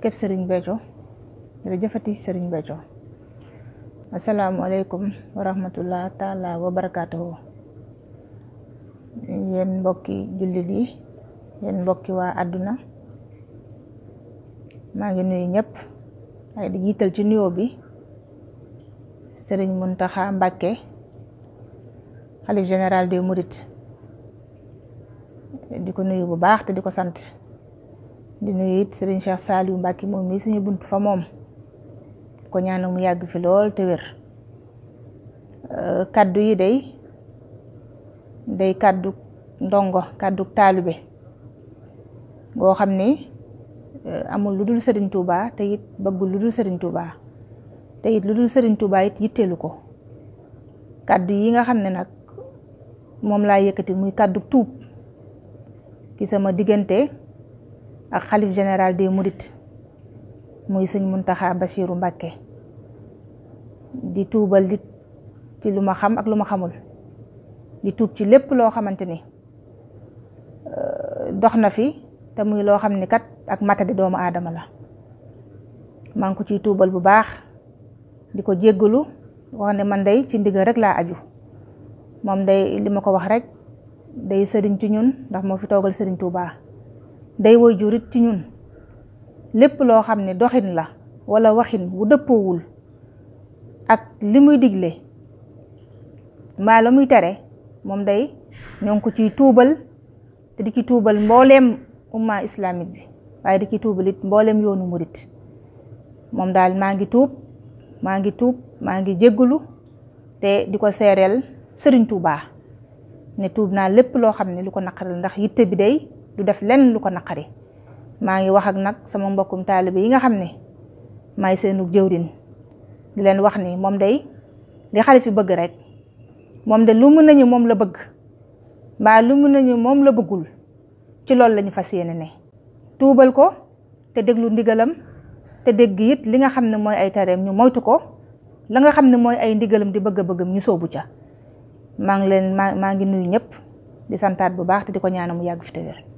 képp Serigne Béthio jërëjëfati Serigne Béthio asalaamualeykum wa rahmatullah taala wa barakaatuhu yéen mbokki jullit yi yéen mbokki waa àdduna maa ngi nuyu ñëpp ay di jiital ci nuyoo bi Serigne Mountakha Mbacké xalif général des Mourides di ko nuyu bu baax te di ko sant di nuyu it sëriñ Cheikh Saliou Mbacke moom mii suñu buntu fa moom ko ñaanal mu yàgg fi lool te wér euh, kaddu yi day day kàddu ndongo kaddu taalibe goo xam ni euh, amul lu dul sëriñ Touba te it bëggul lu dul sëriñ Touba te it lu dul sëriñ Touba it yitteelu ko kaddu yi nga xam ne nag moom laa yëkkati muy kàddu tuub ci sama diggante. ak general general des mourides muy seigne muntaha bashirou mbake di toubal di ci luma xam ak luma xamul di toub ci lepp lo xamanteni euh doxna fi te muy lo xamni kat ak de doomu adama la man ko ci toubal bu baax di ko jéggalu man day ci ndigal rek laa aju mom day limako wax rek day serigne ci ñun ndax mo fi togal serigne touba day way jurit ci ñun lépp loo xam ne doxin la wala waxin wu dëppoowul ak li muy digle maa la muy tere moom day ñoo ngi ko ciy tuubal te di ki tuubal mbooleem umma islamique bi waaye di ci tuubal mbooleem yoonu murit moom daal maa ngi tuub maa ngi tuub maa ngi jéggulu te di ko seereel sëriñ Tuubaa ne tuub naa lépp loo xam ne lu ko naqaral ndax yitte bi day lu def lenn lu ko naqari maa ngi wax ak nag sama mbokkum taalibe yi nga xam ne maay seenu jëwrin di leen wax ni moom dey li xale fi bëgg rek moom de lu mën nañu moom la bëgg mbaa lu mën nañu moom la bëggul ci loolu lañu fas yéene ne tuubal ko te déglu ndigalam te dégg it li nga xam ne mooy ay tareem ñu moytu ko la nga xam ne mooy ay ndigalam di bëgg bëggam ñu soobu ca maa ngi leen maa maa ngi nuyu ñëpp di santaat bu baax te di ko ñaanal mu yàgg fi te